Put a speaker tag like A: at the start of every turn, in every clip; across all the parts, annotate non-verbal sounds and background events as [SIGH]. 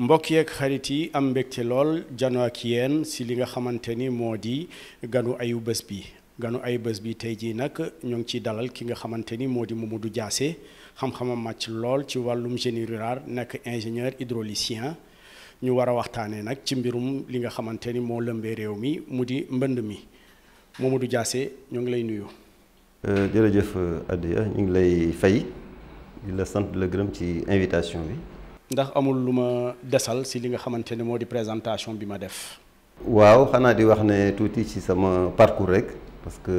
A: mbokk yeeg xarit yi am mbégte lool janoo ak yéen si li nga xamante ni moo di ganu ayu bés bi ganu ayu bés bi tey jii nag ñu ngi ciy dalal ki nga xamante ni moo di Mamadou Diassé xam-xamam màcc lool ci wàllum génie rural nekk ingénieur hydraulicien ñu war a waxtaanee nag ci mbirum li nga xamante ni moo lëmbee réew mi mu di mbënd mi du jaase ñoo ngi lay nuyu.
B: Euh, jërëjëf Adiya ñu ngi lay fay di la sant la gërëm ci invitation bi.
A: ndax amul luma dessal ci li nga xamante modi présentation bi ma def.
B: waaw xana di wax ne touti ci sama parcours rek parce que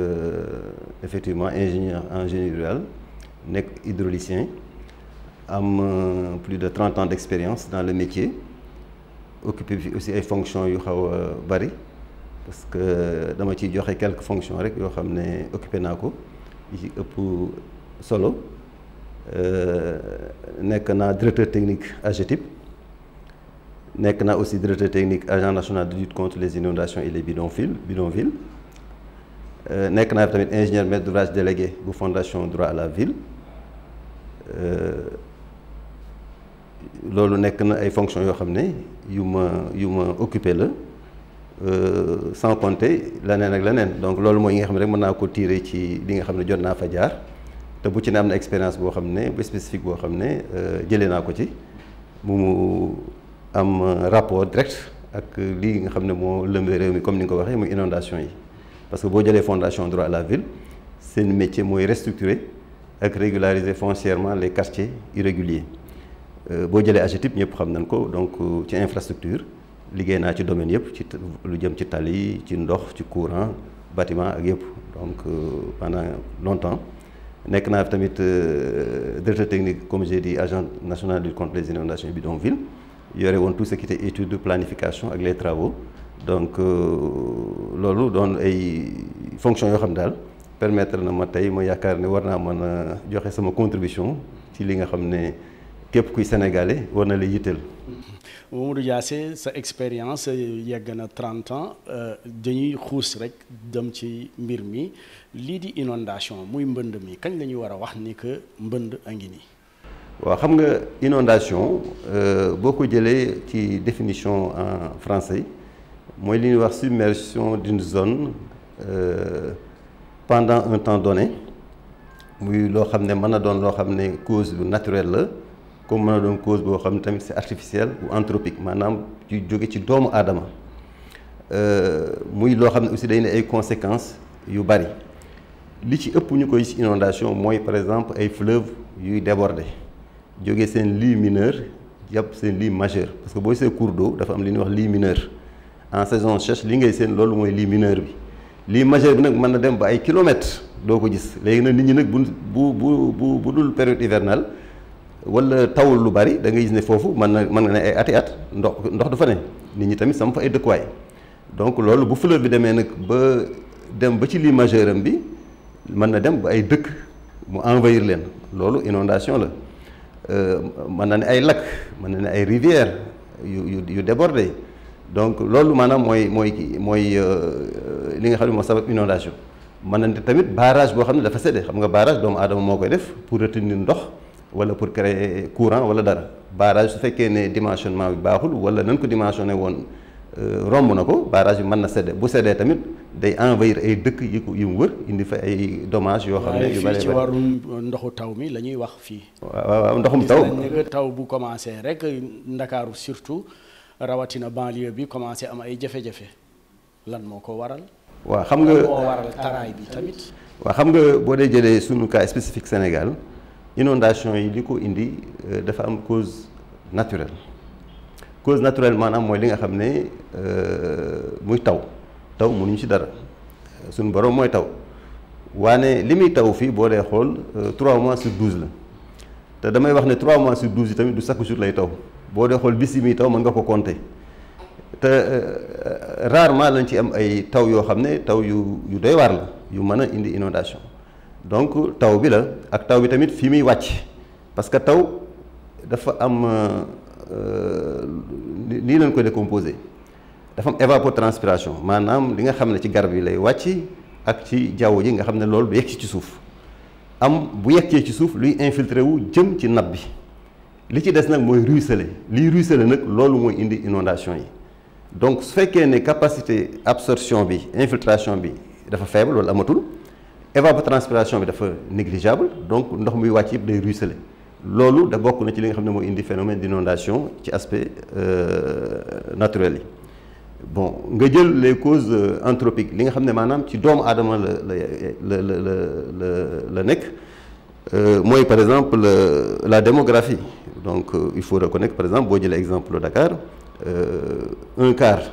B: effectivement ingénieur en génie rural nek hydraulicien am euh, plus de 30 ans d'expérience dans le métier occupé aussi ay fonctions yu xaw bari parce que dama ci joxe quelques fonctions rek yo xamné ne occupé naa ëpp solo. Euh, nekk naa directeur technique AGTIP nekk naa aussi directeur technique agent national de lutte contre les inondations et les bidonvilles bidonville, euh, nekk naa tamit ingénieur maître d'ouvrage délégué bu fondation droit à la ville euh, loolu nekk na ay fonctions yoo xam ne yu ma yu ma occupé la sans compter leneen ak leneen donc loolu mooy nga xam ne rek mën naa ko tirer ci li nga xam ne jot te bu ci ne am na expérience boo xam ne bu spécifique boo xam ne euh, jëlee naa ko ci mu am rapport direct ak lii nga xam ne moo lëmbee réew mi comme ni nga ko waxee muy inondation yi parce que boo jëlee fondation droit à la ville seen métier mooy restructurer ak régulariser foncièrement les quartiers irréguliers euh, boo jëlee AGETIP ñëpp xam nañ ko donc euh, ci infrastructure liggéey naa ci domaine yëpp ci lu jëm ci tali ci ndox ci courant bâtiment ak yëpp donc pendant longtemps nekk naa tamit euh, directeur technique comme j'ai dit agent national du contre les inondations bidonville yore won tout ce qui était étude de planification ak les travaux donc euh, lolu don ay fonction yo xam dal permettre na ma tay ma war joxe sama contribution ci li nga xam képp kuy sénégalais war na la yitteel.
A: Mamadou Diassé sa expérience euh, yegg na 30 ans euh, dañuy xuus rek dem ci mbir mi lii di inondation muy mbënd mi kañ la ñu war a wax ni que mbënd a ngi nii.
B: waaw xam nga inondation euh, boo ko jëlee ci définition en français mooy li ñuy wax submersion d'une zone euh, pendant un temps donné muy loo xam ne mën na doon loo xam ne cause bu naturelle la comme mën a cause bo xam tamit c'est artificiel ou anthropique manam ci jóge ci doomu aadama euh, muy loo xam ne aussi day ne ay conséquences yu bari li ci ëpp ñukoy ci inondation moy par exemple ay fleuves yu débordé jóge sen lit mineur jàpp sen lit majeur parce que boy c'est cours d'eau dafa am li wax lit mineur en saison sèche li ngay sen lolu moy lit mineur bi lit majeur bi nag mën na dem ba ay kilomètres do ko gis légui nak nit ñi nak bu bu bu bu dul période hivernale wala taw lu bari da faire. man, ay at ndox du fa ne nit ñi tamit sam fa ay dëkkuwaay donc loolu bu fleuve bi demee nag ba dem ba ci li majeur bi mën na dem ba ay mu envahir leen loolu inondation la euh, mën na ay lac mën na ay rivière donc loolu euh, li nga inondation barrage barrage koy def pour retenir wala pour créer courant wala dara barrage su fekkee ne dimensionnement bi baaxul wala nañ ko dimensionné woon romb na ko barrage bi mën na séddee bu séddee tamit day envahir ay dëkk yu ko yu mu wër indi fa ay dommages yoo xam ne yu bari ci
A: wàllum ndoxu taw mi la ñuy wax fii. waaw waaw ndoxum taw taw bu commencé rek ndakaaru surtout rawatina banlieue bi commencé am ay jafe-jafe lan moo ko waral.
B: waaw xam nga lan moo
A: waral taraay bi tamit.
B: waaw xam nga boo dee jëlee sunu cas spécifique Sénégal. inondation yi li ko indi euh, dafa am cause naturel cause naturelle maanaam mooy li nga xam ne euh, muy taw taw mënuñu ci dara suñu borom mooy taw waa ne li muy taw fii boo dee xool euh, trois mois sur 12 la te damay wax ne trois mois sur 12 yi tamit du chaque jour lay taw boo dee xool bis yi muy taw mën nga ko compter te rarement lañ ci am ay taw yoo xam ne taw yu yu doy waar la yu mën a indi inondation donc taw bi la ak taw bi tamit fi parce que taw dafa am nii euh, euh, lañ ko dafa évapotranspiration li nga xam ci garab lay wàcc ak ci ji am bu yeggee ci luy infiltré wu jëm ci li des ruisselé ruisselé indi inondation donc capacité absorption bi infiltration bi faible évapotranspiration bi dafa négligeable donc ndox muy wàcc yëpp day ruisseler loolu da bokk na ci li nga xam ne moo indi phénomène d'inondation ci aspect euh, naturel yi bon nga jël les causes euh, anthropiques li nga xam ne maanaam ci doomu aadama la la la la la la nekk euh, mooy par exemple la démographie donc il faut reconnaître par exemple boo jëlee exemple Dakar un quart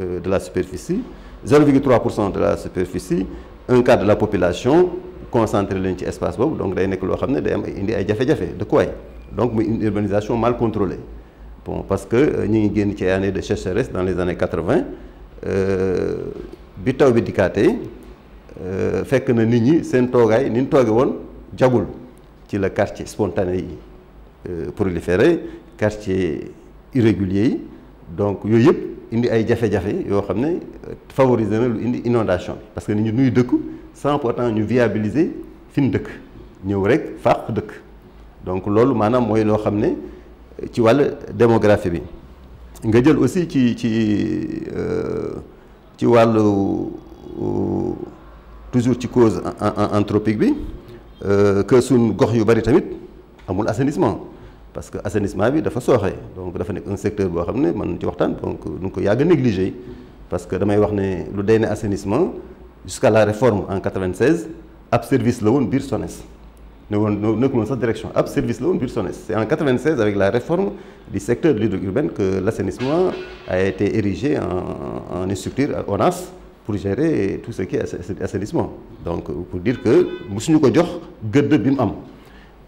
B: de la superficie 0,3 de la superficie un quart de la population concentrée dans ci espace boobu donc day nek lo xamné day am indi ay jafé jafé de quoi donc une urbanisation mal contrôlée bon parce que euh, ñi ngi génn ci année de sécheresse dans les années 80, euh bi taw bi euh fekk na nit ñi seen togay ni togué won woon jagul ci la quartier spontané yi euh, proliféré quartier irrégulier donc yoyep indi ay favoriser na parce que ni ñu nuy sans pourtant viabiliser fi rek donc loolu maanaam mooy loo xam ci la démographie bi nga aussi ci ci euh, ci wàllu euh, euh, que suñ gox yu bari tamit amul parce que l'assainissement bi dafa sooxee donc dafa un secteur qui est ne donc nous ngi négligé parce que damay wax lu assainissement jusqu'à la réforme en 96 ab service la woon biir SONES ne woon direction ab service la c'est en 96 avec la réforme du secteur de lhydro urbaine que l'assainissement a été érigé en en structure ONAS pour gérer tout ce qui est assainissement donc pour dire que nous ko jox un peu de am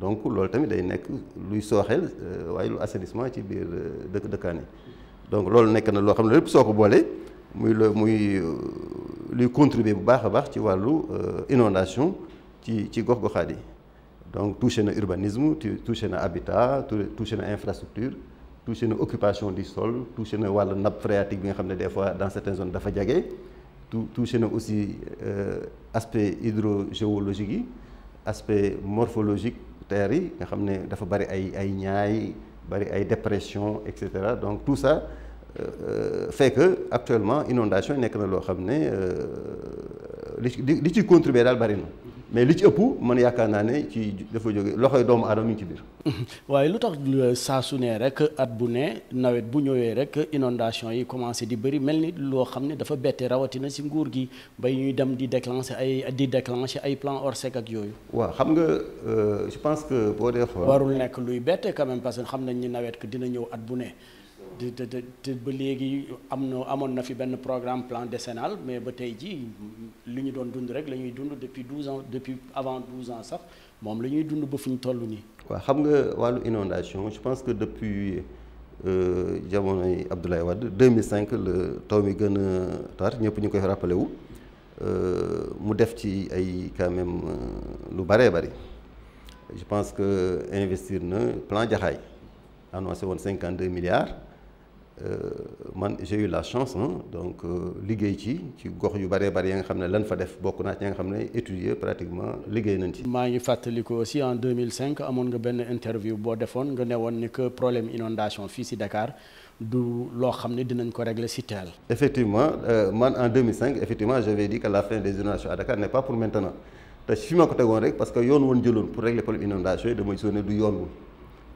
B: donc loolu tamit day nekk luy sooxeel euh, waaye lu assainissement ci biir euh, dëkk dëkkaan yi donc loolu nekk na loo xam ne lépp soo ko boolee muy la muy euh, luy contribuer bu baax a baax ci wàllu inondation ci ci gox goxaat yi donc touché na urbanisme touché na habitat touché na infrastructure touché na occupation du sol touché na wàllu nappe phréatique bi nga xam ne des fois dans certaines zones dafa jage touché na aussi aspect hydrogéologique yi aspect morphologique terre yi nga xam ne dafa bari ay ay ñaay bari ay dépression et cetera donc tout ça euh, fait que actuellement inondation nekk na loo xam ne euh, li ci contribuer daal bari na mais li ci ëpp man yaakaar naa ne ci dafa jóge loxoy doomu aadama mi ngi ci biir.
A: [LAUGHS] waaye lu tax euh, saa su ne rek at bu ne nawet bu ñëwee rek inondation yi commencé di bëri mel ni loo xam ne dafa bette rawatina si nguur gi bay ñuy dem di déclencher ay di déclencher ay plan hors sec ak yooyu. waaw xam
B: nga euh, je pense que boo dee xool. warul nekk
A: luy bette quand même parce que xam nañ ni nawet dina ñëw at bu ne te te te ba léegi am na amoon na fi benn programme plan décennal mais ba tey jii mm, li ñu doon dund rek la ñuy dund depuis 12 ans depuis avant 12 ans sax moom la ñuy dund ba fu ñu toll nii.
B: waaw xam nga wàllu inondation je pense que depuis euh, jamonoy Abdoulaye Wade 2005 le taw mi gën a tar ñëpp ñu koy rappelé wu euh, mu def ci ay quand même euh, lu bëree bëri je pense que investir na plan Jaxaay annoncé woon 52 milliards. Euh, man j'ai eu la chance hein donc euh, liguey ci ci gox yu bëree bëri nga xamné lan fa def bokk ci nga xamné étudier pratiquement liguey nañ ci.
A: maa ngi fàttaliku aussi en 2005 amone nga ben interview bo defone nga ne ni que problème inondation fi ci Dakar du lo xamné dinañ ko régler ci tel
B: effectivement euh, man en 2005 effectivement j'avais dit que la fin des inondations à Dakar n'est pas pour maintenant te fi ma ko tegoon rek parce que yone won jëloon pour régler problème inondation yi damay sonné du yone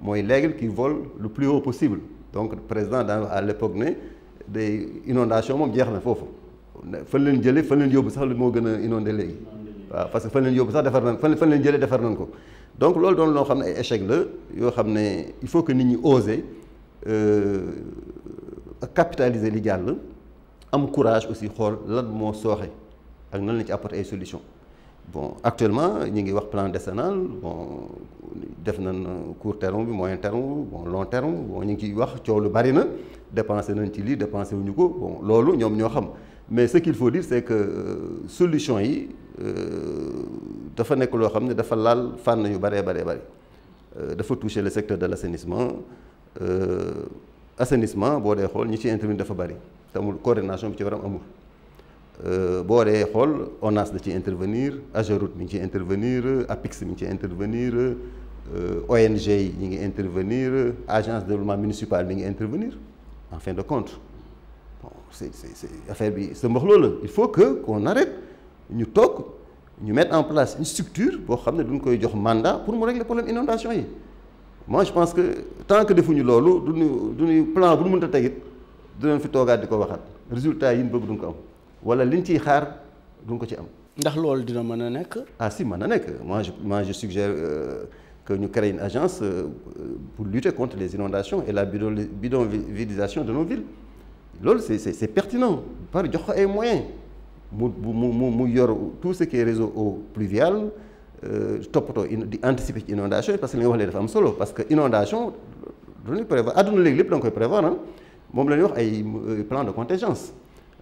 B: moy l'aigle qui vole le plus haut possible donc président dans, à l'époque ne day inondation moom jeex na foofu fan leen jëlee fan leen yóbbu sax li moo gën a inondé léegi waaw parce que fan leen yóbbu sax défar nañ fañ fan leen jëlee defar nañ ko donc loolu doon lo xamné ay échec la yo xamné il faut que nit ñi oser euh, capitaliser li jall am courage aussi xol lan mo soxé ak nan lañ ci apporter ay solutions bon actuellement ñu ngi wax plan décennal bon def nañ court terme bi moyen terme bon long terme bon ñu ngi wax coow lu bari na dépensé nañ ci li dépensé wuñu ko bon loolu ñoom ñoo xam mais ce qu'il faut dire c'est que euh, solution yi euh, dafa nekk loo xam ne dafa laal fànn yu baree baree bari euh, dafa toucher le secteur de l'assainissement assainissement boo dee xool ñi ci intervenir dafa bari tamul coordination bi ci waram amul. Euh, boo dee xool ONAS da ci intervenir Ageroute mi ngi intervenir APIX mi ngi ciy intervenir euh, ONG yi ngi intervenir agence de développement municipal mi ngi intervenir en fin de compte bon c'est c'est affaire bi sa mbox loolu il faut que qu'on arrête ñu toog ñu mettre en place une structure boo xam ne duñ koy jox mandat pour mu régler problème inondation yi moi je pense que tant que defuñu loolu duñu duñu plan bu ñu mënta tegit dinañ fi toogaat di ko waxaat résultat yi ñu bëgg duñ ko am wala liñ ciy xaar
A: du ko ci am. ndax loolu dina mën a nekk.
B: ah si mën na nekk moi je moi je suggère euh, que ñu créer une agence euh, pour lutter contre les inondations et la bidonvillisation de nos villes loolu c'est c'est pertinent par jox ko ay moyens mu mu mu mu yor tout ce qui est réseau eau pluviale euh, toppatoo di anticiper ci inondation parce que li nga wax léegi dafa am solo parce que inondation du ñu prévoir àdduna léegi lépp da nga koy prévoir ah moom la ñuy wax ay euh, plan de contingence.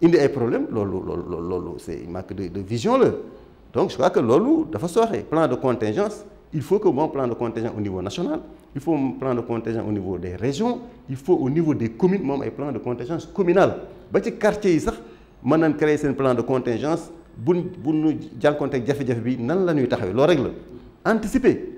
B: Il y a un problème, c'est c'est manque de de vision là. donc je crois que loolu dafa sooxe plan de contingence il faut que un plan de contingence au niveau national il faut un plan de contingence au niveau des régions il faut au niveau des communes même un plan de contingence communal ba ci quartier yi sax mën plan de contingence si nous avons jafe contact bi nan la ñuy taxawee loolu règle. anticiper.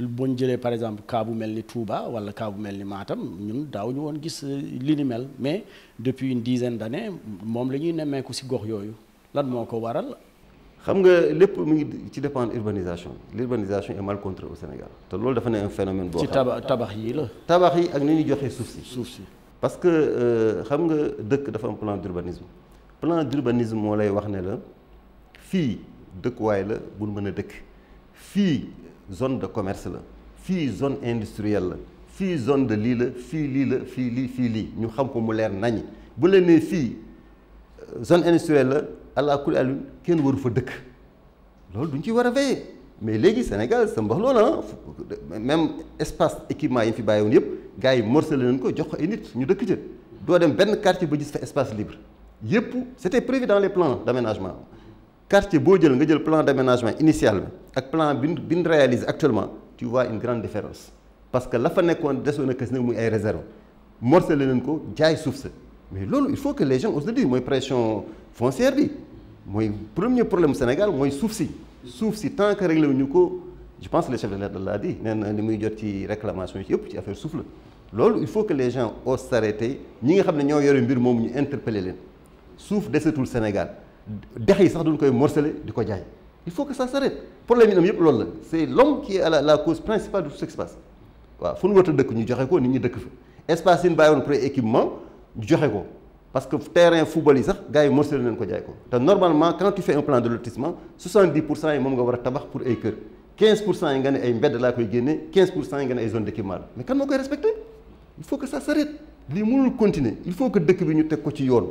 A: Le ñu par exemple ka bu melni Touba wala ka bu melni Matam ñun daaw ñu won gis euh, li ni mel mais depuis une dizaine d'années mom lañuy némé ko ci gox yoyu lan moko waral. xam nga lepp mu ngi
B: ci dépendre urbanisation l'urbanisation est mal contrôlée au Sénégal té lool dafa né un phénomène bo ci tabax yi la. tabax yi ak ni ñu joxé suuf si. parce que euh, xam nga dëkk dafa am plan d'urbanisme plan d'urbanisme mo lay wax né la fii way la buñ mëna dëkk fii zone de commerce la fii zone industrielle la fii zone de lii la fii lii la fii lii fii lii ñu xam ko mu leer nañ bu leen nee fii euh, zone industrielle la allah kulli alin kenn waru fa dëkk loolu duñ ci war a veiller mais léegi Sénégal sa mbax loola ah, même espace équipement yi fi bàyyi woon yëpp gars yi morcelé nañ ko jox ko ay nit ñu dëkk ca doo dem benn quartier ba gis fa espace libre yëpp c'était prévu dans les plans d'aménagement quartier boo jël nga jël plan d'aménagement initial bi ak plan bi ñu réalise actuellement tu vois une grande différence parce que la fa nekkoon desoon a kës nag muy ay réserve morcelé leen ko jaay suuf sa mais loolu il faut que les gens osent le dire mooy pression foncière bi mooy premier problème Sénégal mooy suuf si suuf si tant que réglé wuñu ko je pense le chef de l'État l'a dit nee na li muy jot ci réclamation yi yëpp ci affaire suuf la loolu il faut que les gens osent s'arrêter ñi nga xam ne ñoo yore mbir moom ñu interpeller leen suuf desetul Sénégal dex yi sax duñ koy morcelé di ko jaay il faut que ça s'arrête problème yi l'homme qui est à la cause principale de tout ce qui se passe Il faut que nous nous dëkk ñu nous ko nit ñi espace équipement ñu parce que terrain footballiste, sax gars yi morcelé nañ ko normalement quand tu fais un plan de lotissement 70 est cent yi nga pour ay 15 pour cent yi de la la 15 pour cent ont des ay zone d'équipement. mais quand on koy il faut que ça s'arrête il faut que dëkk bi ñu que ko ci yoon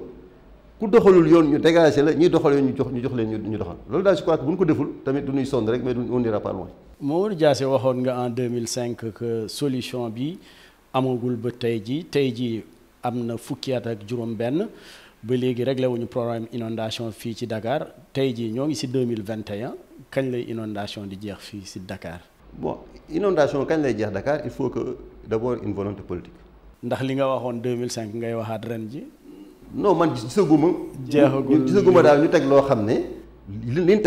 B: ku doxalul yoon ñu dégagé la ñuy doxal yoon ñu jox ñu jox leen ñu doxal loolu daal je crois que bu ñu ko deful tamit du ñuy sonn rek mais on ira pas loin.
A: Mamadou Diassé waxoon nga en 2005 que solution bi amagul ba tey jii tey jii am na fukki at ak juróom-benn ba léegi réglé wuñu problème inondation fii ci Dakar tey jii ñoo 2021 kañ lay inondation di jeex fi si Dakar.
B: bon inondation kañ lay jeex Dakar il faut que d'abord une volonté politique.
A: ndax li nga waxoon 2005 ngay waxaat renji non man gisaguma. ne
B: li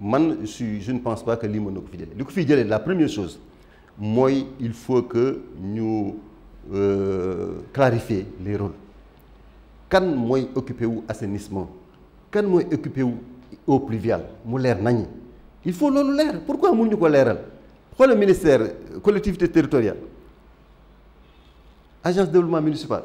B: man je ne pense pas que lii mën na ko fi la première chose mooy il faut que nous euh, clarifions les rôles kan mooy occupé wu assainissement kan mooy occupé wu eau pluviale mu leer il faut loolu l'air pourquoi mun ñu ko Pourquoi le ministère collectivité territoriale agence de développement municipal.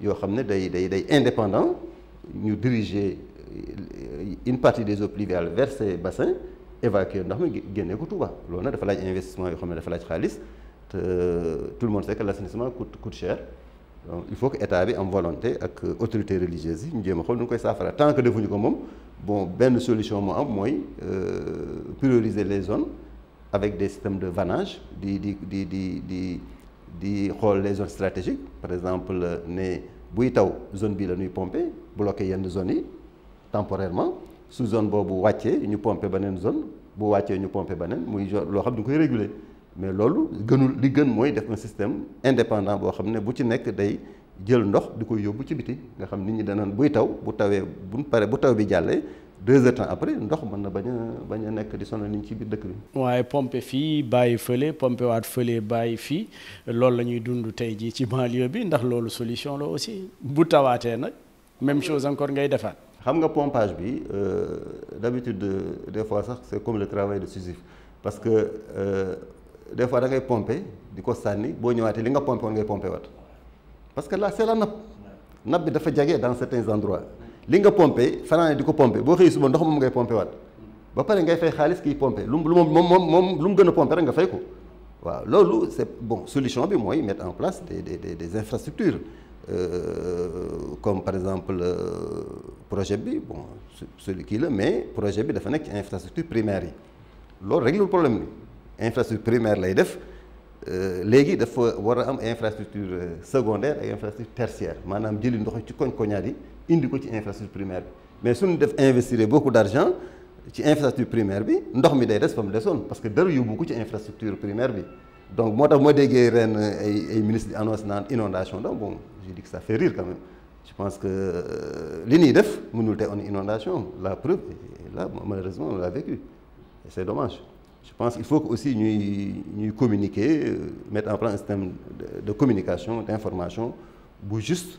B: Il faut day indépendant ñu diriger euh, une partie des eaux pluviales vers ces bassins évacuer les eaux. et ko Touba loolu des dafa investissement yoo xam euh, tout le monde sait que l'assainissement coûte cher il faut que l'État ait am volonté avec euh, l'autorité religieuse. ñu tant que defuñu ko moom bon benn solution moo am prioriser les zones avec des systèmes de vannage di xool les zones stratégiques par exemple ne buy taw zone bi la ñuy pompé bloqué yenn zones yi temporairement su zone boobu wàccee ñu pompé beneen zone bu wàccee ñu pompé beneen muy zone loo xam ne koy réguler mais loolu gënul li gën mooy def un système indépendant boo xam ne bu ci nekk day jël ndox di koy yóbbu ci biti nga xam nit ñi danaan buy taw bu tawee bu pare bu taw bi jàllee deux heures temps après ndox man na baña baña nek di sonal nit ci biir dëkk bi.
A: waaye pompe fi bàyyi fële pompe waat fële bàyyi fi loolu la ñuy dund tey ci banlieue bi ndax loolu solution la aussi bu tawaatee nag même chose encore ngay defaat.
B: xam nga pompage bi euh, d'habitude des fois sax c'est comme le travail de Sisyphe parce que euh, des fois da ngay pomper di ko sànni boo ñëwaatee li nga pomper woon ngay pomper wat parce que là c'est la nappe nappe bi dafa jege dans certains endroits. Linga pompe, pompé diko di bo xey suba ndox mom ngay pompé wat ba pare ngay fay xaliss ki pompé lum lum mom mom moom gëna lu rek nga fay ko waaw loolu c'est bon solution bi mooy mettre en place des des des infrastructures Euh, comme par exemple euh, projet bi bon celui qui la mais projet bi dafa nekk ci infrastructure primaire yi loolu le problème infrastructure primaire lay def euh, léegi dafa war a am infrastructure euh, secondaire ak infrastructure tertiaire maanaam jëli ndox ci koñ koñaat yi indi ci infrastructure primaire mais suñu def investir beaucoup d'argent ci infrastructure primaire bi ndox mi day des fa parce que dara yóbbu ko ci infrastructure primaire bi donc moi, tax ma déggee ren ay ay ministre annonce naan inondation donc bon je dis que ça fait rire quand même je pense que euh, li ñuy def mënul on inondation la preuve là malheureusement on l'a vécu et c'est dommage je pense qu'il faut aussi ñuy communiquer euh, mettre en place un système de communication d'information pour juste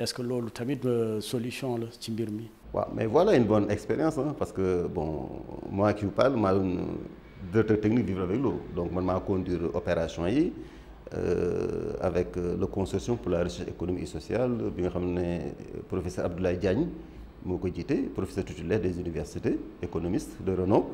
A: est-ce que est tamit euh, solution le ci mbir mais voilà
B: une bonne expérience hein, parce que bon moi qui vous parle je une directeur technique vivre avec l'eau donc moi, conduire opération euh, avec euh, le consortium pour la recherche économique et sociale Je nga professeur Abdoulaye Diagne professeur titulaire des universités économiste de renom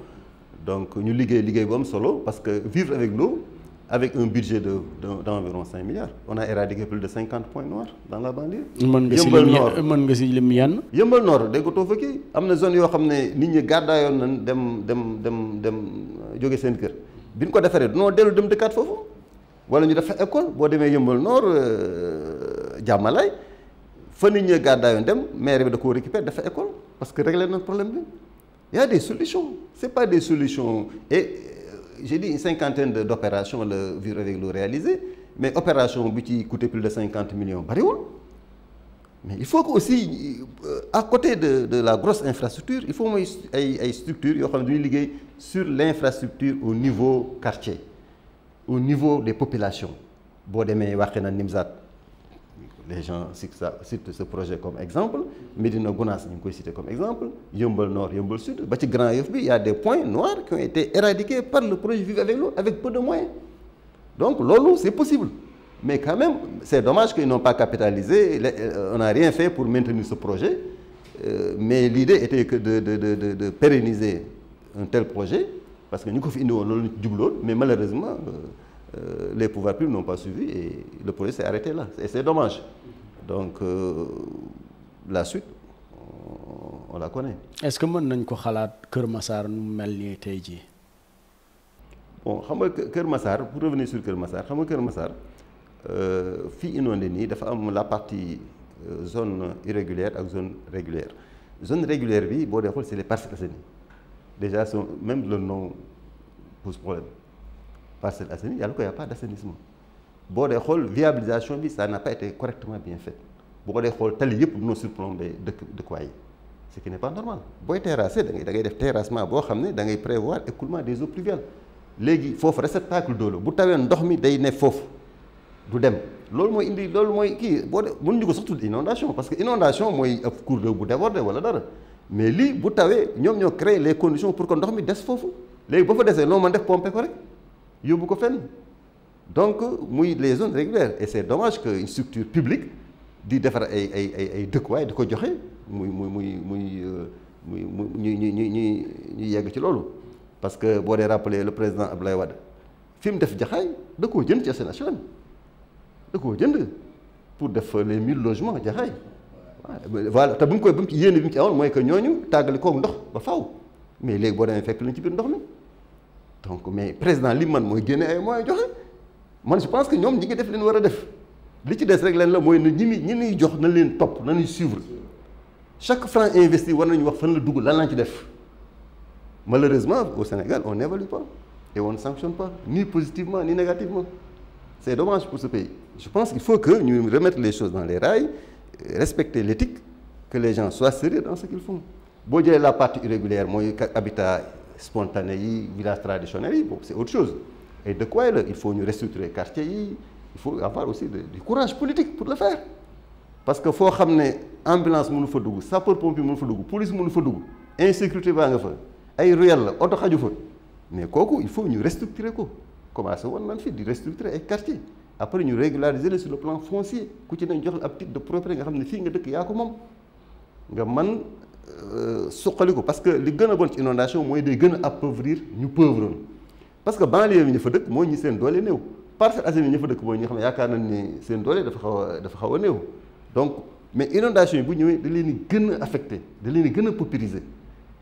B: donc nous liguons liggéey bu solo parce que vivre avec l'eau avec un budget d'environ de, de, 5 milliards, on a éradiqué plus de 50 points noirs dans la banlieue. yëmbal nord
A: mën nga si lim yan. yëmbal nord dañ ko too fëkki
B: am na zone yoo xam ne nit ñi gàddaayoon nañ dem dem dem dem euh, jóge seen kër bi ñu ko defaree dunoo dellu dem dëkkaat foofu wala ñu def fa école boo demee yëmbal nord jàmmalaay euh, fa nit ñi gàddaayoon dem maire bi da koo récupérer def école parce que régler na problème Il y a des solutions c'est pas des solutions et j'ai dit une cinquantaine d'opérations le virus réalisé, mais l'opération qui coûtait plus de 50 millions, mais il faut aussi euh, à côté de, la grosse infrastructure, il faut une structure structures sur l'infrastructure au niveau quartier au niveau des populations avez Nimzat les gens citent ce projet comme exemple Médina Gounas, on ngi citer comme exemple Yombol Nord Yombol Sud ba Grand y a des points noirs qui ont été éradiqués par le projet Vivre avec l'eau avec peu de moyens donc l'eau, c'est possible mais quand même c'est dommage qu'ils n'ont pas capitalisé euh, on n'a rien fait pour maintenir ce projet euh, mais l'idée était que de pérenniser un tel projet parce que nous, ko fi mais malheureusement euh, euh, les pouvoirs publics n'ont pas suivi et le projet s'est arrêté là. Et c'est dommage. Donc, euh, la suite, on, la connaît.
A: Est-ce que nous ko xalaat Massar nous mel bon
B: pour revenir sur Kermassar, Massar il y a euh, inondé la partie euh, zone irrégulière et zone régulière zone régulière c'est les Parcelles déjà même le nom pose problème parcelles assainies alors qu'il n'y a pas d'assainissement bon dee xool viabilisation bi ça n'a pas été correctement bien fait bu ko dee xool tali yëpp mënoo surplombé de de quoi ce qui n'est pas normal booy terrasser da ngay da ngay def terrassement boo xam ne da ngay prévoir écoulement des eaux pluviales les foofu réceptacle d'eau la bu tawee ndox mi day ne foofu du dem loolu moy indi loolu moy ki bo de ñu ko sax inondation parce que inondation moy ab cours d'eau bu débordé wala dara mais li bu tawé ñom ñoo créer les conditions pour que ndox mi des foofu légui bu fa déssé noo man def pomper ko rek yóbbu ko fenn donc muy les zones régulières et c'est dommage que une structure publique di defar ay ay ay ay dëkkuwaay di ko joxe muy muy muy muy euh, muy muy ñu ñu ñu ñu yegg ci loolu parce que boo dee rappeler le président Abdoulaye Wade fi mu def jaxaay da koo jënd ci SNHLM da koo jënd pour def les mille logements jaxaay voilà te bu mu koy bu mu ci yéene bi mu ci amoon mooy que ñooñu tàggali koog ndox ba faw mais léegi boo demee fekk lañ ci biir ndox mi donc mais président Liman, moi ay je pense que nous devons ngi def leen war def li ci des rek nous la avons. suivre chaque franc investi nous devons wax fan la malheureusement au Sénégal on n'évalue pas et on ne sanctionne pas ni positivement ni négativement c'est dommage pour ce pays je pense qu'il faut que nous remettions les choses dans les rails respecter l'éthique que les gens soient sérieux dans ce qu'ils font boo la partie irrégulière mon habitat spontané village traditionnel c'est autre chose Et de quoi il faut nous restructurer quartier il faut avoir aussi du courage politique pour le faire parce qu'il faut ramener ambulance fa sapeur pompier la fa police l'insécurité, fa dugg insécurité va nga fa ay ruelle mais il faut nous restructurer Comme ça woon nan faire nous restructurer les quartier après nous régulariser sur le plan foncier ku ci nañ jox petite de propriété nga xam ne nga euh, suqali ko parce que li gën bon ci inondation moy day gën a appauvrir ñu pauvre parce que banlieue bi ñu fa dëkk moy ñi seen doole parce que Assainies ñu fa dëkk moy ñi xam ne yaakaar nañ ni seen doole dafa xaw dafa xaw a donc mais inondation bu ñëwee da leen di gën a da leen di gën a paupériser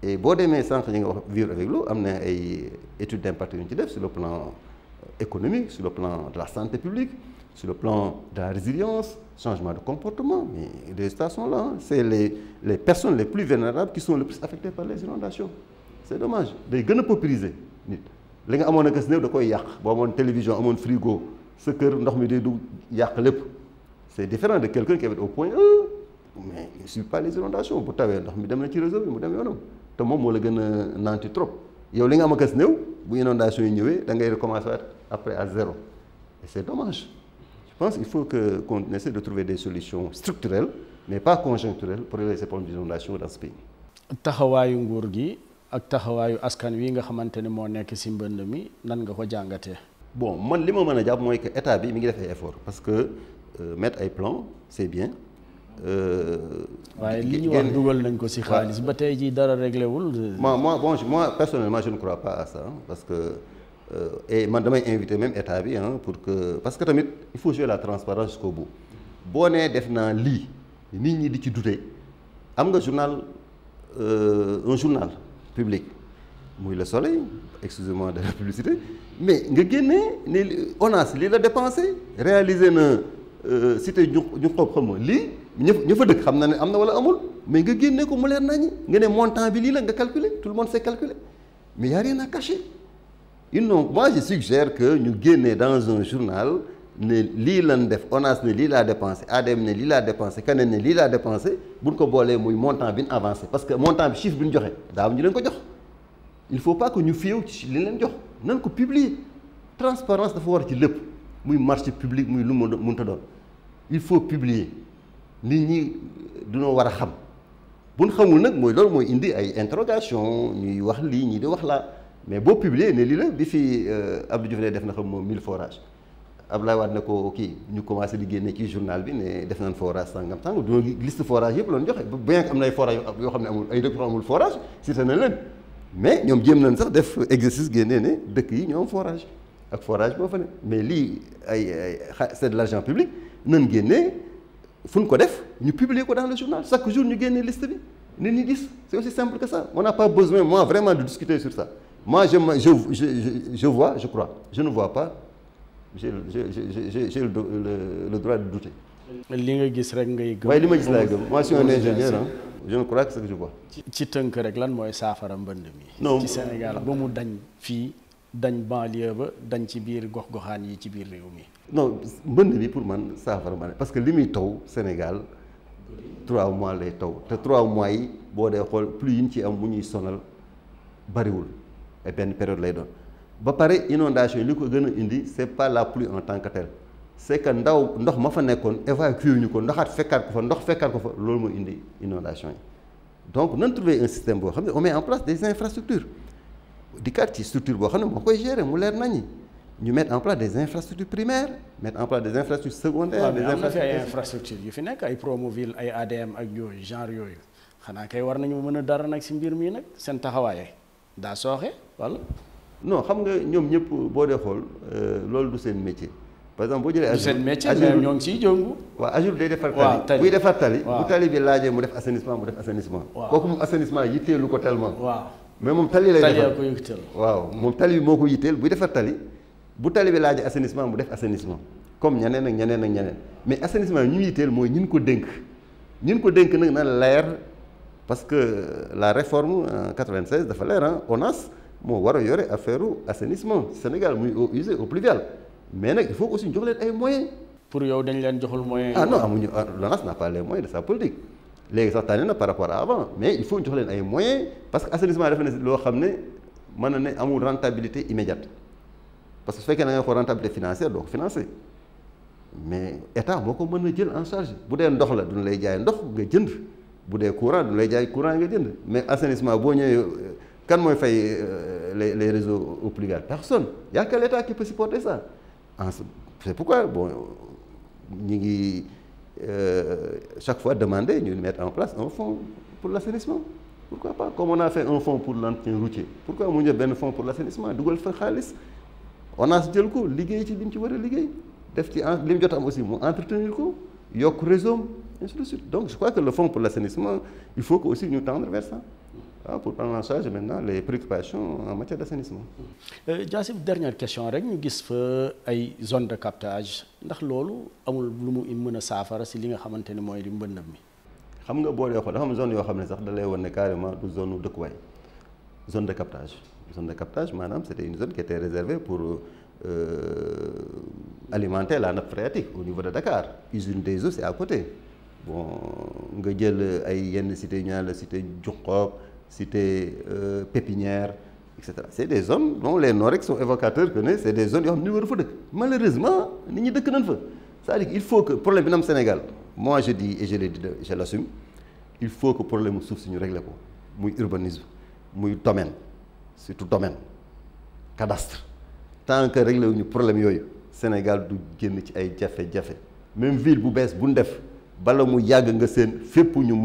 B: et bo demee sànq ñi nga wax vivre avec lu amna ay études d'impact yu ñu ci def sur le plan économique, sur le plan de la santé publique, sur le plan de la résilience, changement de comportement. Mais les stations là. Hein. C'est les, les, personnes les plus vulnérables qui sont les plus affectées par les inondations. C'est dommage. Ils sont paupérisés. Les gens qui ont des une télévision, un frigo, ce que C'est différent de quelqu'un qui avait au point 1, mais il ne suit pas les inondations. Pourtant, il a des réseaux, il a des réseaux. Tout le monde est trop. Il y a des gens qui ont des inondations, ils ont recommencé après à zéro. Et c'est dommage. Je pense qu'il faut qu'on essaie de trouver des solutions structurelles, mais pas conjoncturelles, pour régler ces problèmes d'inondation dans ce pays.
A: taxawaayu nguur gi ak taxawaayu askan wi nga xamante ne moo nekk si mbënd
B: bon moi li ma mën a jàpp mooy que état bi mi ngi effort parce que euh, mettre ay plan c'est bien. Euh, waaye li ñu wax dugal nañ ko si xaalis ba tey ji dara réglé wul. moi moi bon moi personnellement je ne crois pas à ça hein, parce que. Euh, et man damay inviter même état bi hein, pour que parce que tamit il faut jouer la transparence jusqu'au bout boo nee def naa lii nit ñi di ci dute am nga journal euh, un journal public muy le soleil excusez-moi de la publicité mais nga on a ONAS lii la dépenser réaliser na euh, cité ñu ñu xob xam li ñu fa dëkk xam na amna wala amul mais nga génne ko mu leer nañi nga né montant bi li la nga calculer tout le monde sait calculé mais y a rien à cacher ils n'ont moi je suggère que ñu génnee dans un journal ne lii lan def ONAS ne lii laa dépensé ADM ne lii laa dépensé keneen ne lii laa dépensé buñ ko boolee muy montant bi ñu parce que montant bi chiffre bi ñu joxe daaw ñu leen ko jox il faut pas que ñu féew ci li leen jox nan ko publier transparence dafa war ci lépp muy marché public muy lu mu mënta doon il faut publier nit ñi dunoo war a xam buñ xamul nag mooy loolu mooy indi ay interrogation ñuy wax lii ñii di wax laa mais beau publier ne lii la bi fi euh, Abdou Diouf ne def na xam 1000 forages Abdoulaye Wade nako ko ñu commencé di ci journal bi né def nañ forage sangam sang doo liste forage yëpp loon joxe bien que am na forage yo xamné amul ay dëkk amul forage cité nañ leen mais ñom jéem nañ sax def exercice génnee ne dëkk yi ñom am forage ak forage bo fa né mais li ay ay c'est de l'argent public nan génnee fuñ ko def ñu publier ko dans le journal chaque jour ñu génnee liste bi nit ni gis c'est aussi simple que ça on n'a pas besoin moi vraiment de discuter sur ça moi, je, je, je, je, vois, je crois. Je ne vois pas. J'ai le, le, le, droit de douter.
A: Moi, je suis un ingénieur. Hein.
B: Je ne crois que ce que je vois.
A: ci tënk rek lan mooy saafara mbënd mi. ci Sénégal ba mu dañ fii dañ banlieue ba dañ ci biir gox-goxaan yi ci biir réew mi.
B: non mbënd mi pour man saafara ma ne parce que limite au Sénégal trois mois les taux. te trois mois yi boo dee plus pluie qui ñu ci am mu sonal bariwul ay benn période lay doon ba pare inondation yi li ko gën a indi c' est pas la pluie en tant que telle c' est que ndaw ndox ma fa nekkoon évacué wuñu ko ndoxaat fekkaat ko fa ndox fekkaat ko fa loolu moo indi inondation yi donc nan trouver un système boo xam ne on met en place des infrastructures di kat ci structure boo xam ne moo koy gérer mu leer nañi ñu mettre en place des infrastructures primaires mettre en place des infrastructures secondaires. des infrastructures
A: yu fi nekk ay Promoville ay ADM ak yooyu genre yooyu xanaa kay war nañu mën a dara nag si mbir mii nag seen taxawaay daa sooxe. voilà
B: non xam nga ñoom ñëpp boo dee xool euh, loolu du seen métier par exemple boo jëlee. du seen métier mais ñoo ngi ciy jëngu. waaw Agirut
A: day defar tali. waaw buy defar
B: tali. bu tali bi laajee mu def assainissement mu def assainissement. waaw kooku moom assainissement yitteelu ko tellement. waaw mais moom tali lay.
A: defar
B: tali ko buy defar bu tali bi laajee assainissement mu def assainissement comme ñeneen ak ñeneen ak ñeneen mais assainissement yi ñu yitteel mooy ñin ko dénk ñin ko dénk nag na leer parce que euh, la réforme en euh, dafa leer ah ONAS. mo waro a yore affaire assainissement Sénégal muy eau usée au pluvial mais nak il faut aussi jox leen ay moyens. pour yow dañ leen joxul moyens. ah non amuñu ah, l'ONAS n'a pas les moyens de sa politique légui sax tànne na par rapport à avant mais il faut ñu jox leen ay moyens parce que assainissement dafa ne loo xam ne na amul rentabilité immédiate parce que su na nga ko rentabilité financière donc ko financer mais état moko meuna jël en charge bu dee ndox la duñu lay jaay ndox nga jënd bu dee courant duñu lay jaay courant nga jënd mais assainissement boo ñëwee. Quand moi fait les, réseaux obligatoires Personne. Il n'y a que l'État qui peut supporter ça. C'est pourquoi, bon, nous, euh, chaque fois demander, nous mettre en place un fonds pour l'assainissement. Pourquoi pas Comme on a fait un fonds pour l'entretien routier, pourquoi on a fait un fonds pour l'assainissement Dougal fait Khalis. On a jël ko coup. ci lim ci war a liggéey def ci lim jot am aussi mu entretenir a un réseau ainsi de suite donc je crois que le fonds pour l'assainissement il faut aussi nous tendre vers ça ah, pour prendre en charge maintenant les préoccupations en matière d'assainissement.
A: Diassif euh, dernière question rek ñu gis fa ay zone de captage ndax loolu amul lu mu mën a saafara si li nga xamante ne ce li vous mi.
B: xam nga boo dee xool dafa am zone yoo xam ne sax da lay wan ne carrément du zone zone de captage zone de captage madame, c'était une zone qui était réservée pour euh, alimenter la nappe phréatique au niveau de Dakar usine des eaux c'est à côté bon nga jël ay yenn cité ñu la cité cité euh, pépinière etc. C'est des zones dont les Nordiques sont évocateurs C'est des zones qui ont ne malheureusement ils ne dëkk pas dire il faut que problème du Sénégal moi je dis et je le dis je l'assume il faut que problème mu ñu urbanisme domaine domaine cadastre tant que régler wuñu problème le Sénégal du ci ay même ville bu bees bu ñu bala mu yàgg nga seen se ñu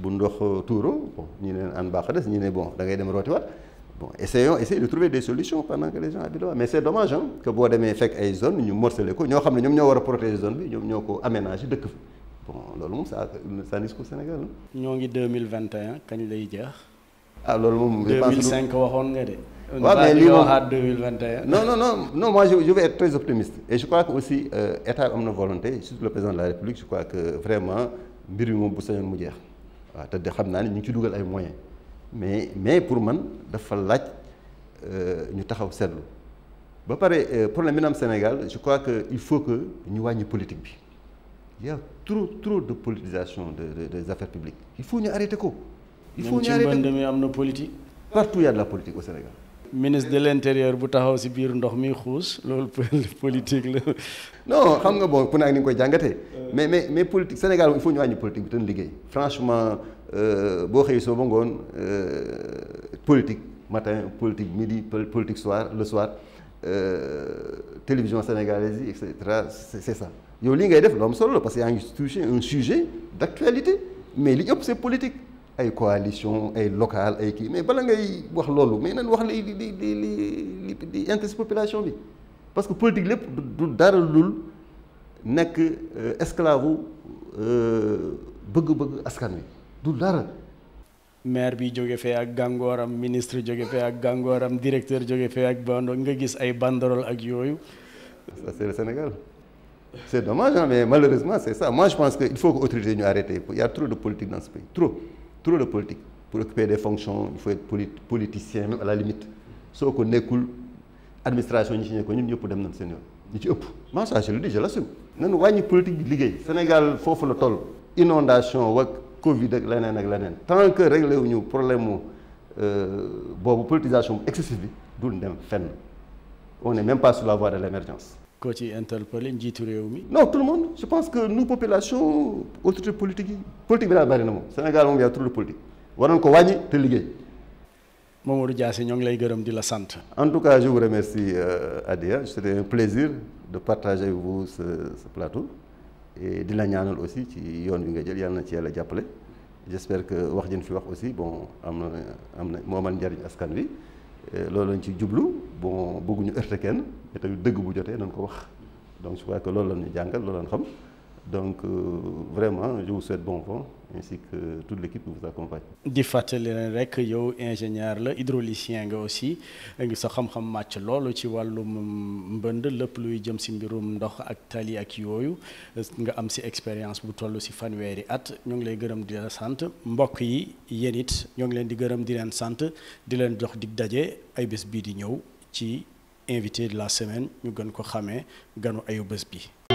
B: bu ndox euh, tuuru bon ñu ne an baax a des ne bon da ngay dem wat bon essayons essayer de trouver des solutions pendant que les gens habitent là mais c'est dommage hein que bo demee fek ay zone ñu morcelé ko ñoo xam ñom ñoom ñoo war protéger zone bi ñom ñoo ko aménager dëkk fi bon lolu moom ça ça n'est qu'au
A: Sénégal hein. ñoo ngi 2021 kañ lay jeex
B: ah lolu moom 2005
A: waxoon nga dé waaw mais lui, 2021 non non
B: non non moi je je vais être très optimiste et je crois que aussi euh, état am na volonté surtout le président de la République je crois que vraiment mbir bi moom bu mu je te que nous moyens mais mais pour moi, euh, euh, il faut que nous nous ba pare problème au Sénégal je crois qu'il faut que nous wàññi politique il y a trop de politisation des affaires publiques il faut ñu arrêter ko. il faut que arrêter ko ci partout il y a de la politique au Sénégal
A: ministre de l'intérieur bu taxaw si biir ndox mi xuus loolu [LAUGHS]
B: politique non xam nga bon ni mais mais mais politique Sénégal il faut ñu politique bi si liggéey franchement euh, boo que soo ba ngoon euh, politique matin politique midi politique soir le soir euh, télévision sénégalaise et c'est ça. yow li ngay que un sujet d'actualité mais li c'est politique ay coalition ay local ay kii mais bala ngay wax loolu mais nan wax li li li li li intérêt population bi parce que politique lépp du dara lul nekk euh, esclave euh, bëgg-bëgg askan wi du dara.
A: maire bi jóge fee ak gàngooram ministre jóge fee ak gàngooram directeur jóge fee ak bando nga gis ay banderole ak yooyu. ça c'est le Sénégal. C'est dommage, hein, mais malheureusement,
B: c'est ça. Moi, je pense que il faut que autorité nous arrête. Il y a trop de politique dans ce pays. Trop trop de politique pour occuper des fonctions il faut être politicien même à la limite qu'on ko nekkul administration ñi ci nekk ñun ñëpp dem nañ seen yoon ça je le dis je l'assume nañu la politique Sénégal, il Sénégal faire la toll inondation Covid ak ak tant que régler nos problème de euh, la politisation excessive nous ne dem fenn on n'est même pas sur la voie de l'émergence koo ci interpellé njiitu réew mi. non tout le monde je pense que nous population autorité politique politique bi daal bari Sénégal on y a trop politique war nañ ko wàññi te liggéey. Mamadou
A: Diassé ñoo ngi lay gërëm di la Sante.
B: en tout cas je vous remercie euh, Adia c'était un plaisir de partager avec vous ce, ce plateau et di la ñaanal aussi ci yoon bi nga jël yàlla na ci yàlla jàppale j'espère que wax jën fi wax aussi bon am na am na askan wi. Euh, loolu lañ ci jublu bon bëgguñu heurter kenn mais tamit dëgg bu jotee nañ ko wax donc su crois que loolu lañ ñu jàngal loolu lañ xam Donc, euh, vraiment, je vous souhaite bon vent ainsi que toute l'équipe qui vous accompagne.
A: di fàttali leen rek yow ingénieur la hydraulicien nga aussi sa xam-xam màcc loolu ci wàllum mbënd lépp luy jëm si mbirum ndox ak tali ak yooyu nga am si expérience bu toll si fanweeri at ñoo ngi lay gërëm di la sant mbokk yi yéen it ñoo ngi leen di gërëm di leen sant di leen jox dig daje ay bés bii di ñëw ci invité de la semaine ñu gën ko xamee ganu ayu bés bi.